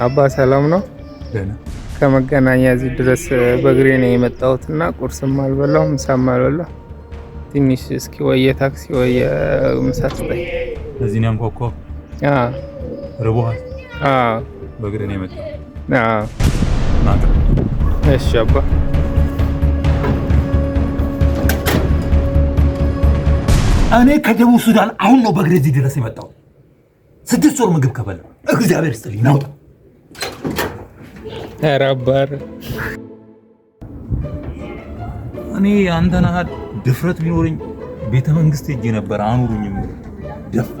Abbas, salam no? ከመገናኛ እዚህ ድረስ በእግሬ ነው የመጣሁት እና ቁርስም አልበላሁ፣ ምሳም አልበላሁ። ትንሽ እስኪ ወየ ታክሲ ወየ ምሳት ላይ እዚህ ነው ኮኮ አ ርቦሃል? በእግሬ ነው የመጣሁት። እሺ አባ እኔ ከደቡብ ሱዳን አሁን ነው በእግሬ እዚህ ድረስ የመጣው። ስድስት ወር ምግብ ከበላሁ እግዚአብሔር ይስጥልኝ ናውጣ ረበር እኔ አንተን አህል ድፍረት ቢኖርኝ ቤተ መንግስት ሄጄ ነበር አኑሩኝ። ደፋ